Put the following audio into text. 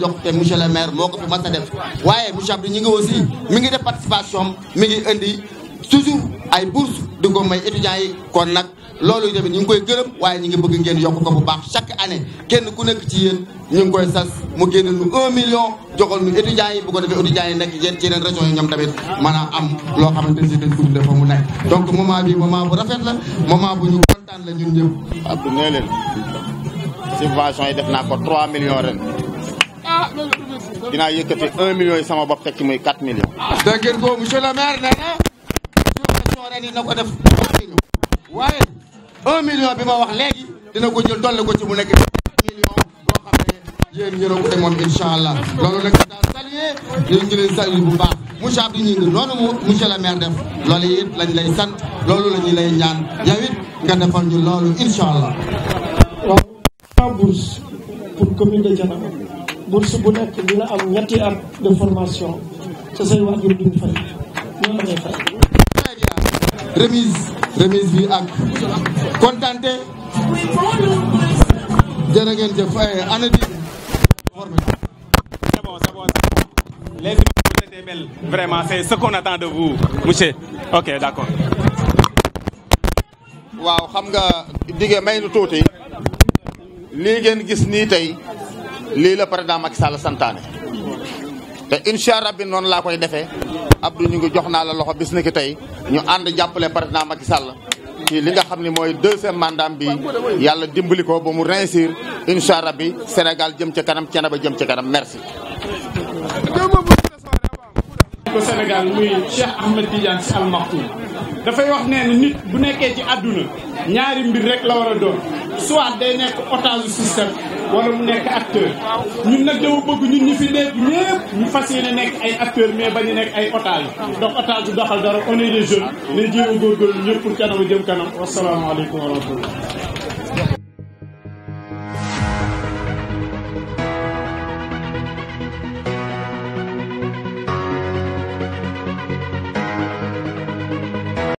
jox te monsieur le maire moo ko fi mas a def waaye monsieur Abdou ñu ngi aussi mi ngi def participation mi ngi indi toujours ay bourse di ko may étudiants yi kon nag loolu tamit ñu ngi koy gërëm waaye ñu ngi bëgg ngeen yokk ko bu baax chaque année kenn ku nekk ci yéen ñu ngi koy sas mu génn nu 1 million joxal nu étudiants yi bu ko defee étudiants yi nekk yéen ci yeneen régions yi ñoom tamit mana am loo xamante ne si dañ ko def fa mu nekk donc moment bi moment bu rafet la moment bu ñu kontaan la ñun ñëpp. Abdou nee leen yi def naa ko 3 millions ren. dinaa yëkkati 1 million yi sama bopp teg ci muy 4 millions. dégg ngeen ko monsieur le maire nee na subvention ren yi na ko def waaye 1 million bi ma wax léegi dina ko jël dolli ko ci mu nekk 4 boo xam ne yéen yéen a ko demoon incha allah loolu nag daal saluer ñu ngi leen saluer bu baax monsieur Abdou ñu ngi noonu monsieur le maire def loolu it lañ lay sant loolu la ñu lay ñaan yow nga defal ñu loolu incha allah. waaw bourse pour commune de bourse bu nekk dina am ñetti at de formation te say waajur duñ fay ñoo lay fay remise remise bi ak kontante jërë ngeen jëf eh, ana di c'est vraiment c'est attend de vous monsieur ok d'accord waaw xam nga dige may tuuti lii ngeen gis nii tey lii la président Macky Sall santaane te incha bi noonu laa koy defee Abdou ñu ngi jox naa la loxo bis ni ki tey ñu ànd jàppale président Macky Sall kii li nga xam ni mooy deuxième mandat bi yàlla dimbali ko ba mu réussir incha bi Sénégal jëm ca kanam Thiénaba jëm ca kanam merci. ko Ahmed Tidiane Sall Maktoum dafay wax ne nit bu nekkee ci àdduna ñaari mbir rek la war a doon soit day nekk otage système. wala mu nekk acteur ñun nag dama bëgg ñun ñi fi nekk ñu fas yéene nekk ay acteur mais bañu nekk ay otage donc otage du doxal dara on est des jeunes nañ jéem a góorgóorlu ñëpp pour kanam a jëm kanam wasalaamaaleykum wa rahmatullah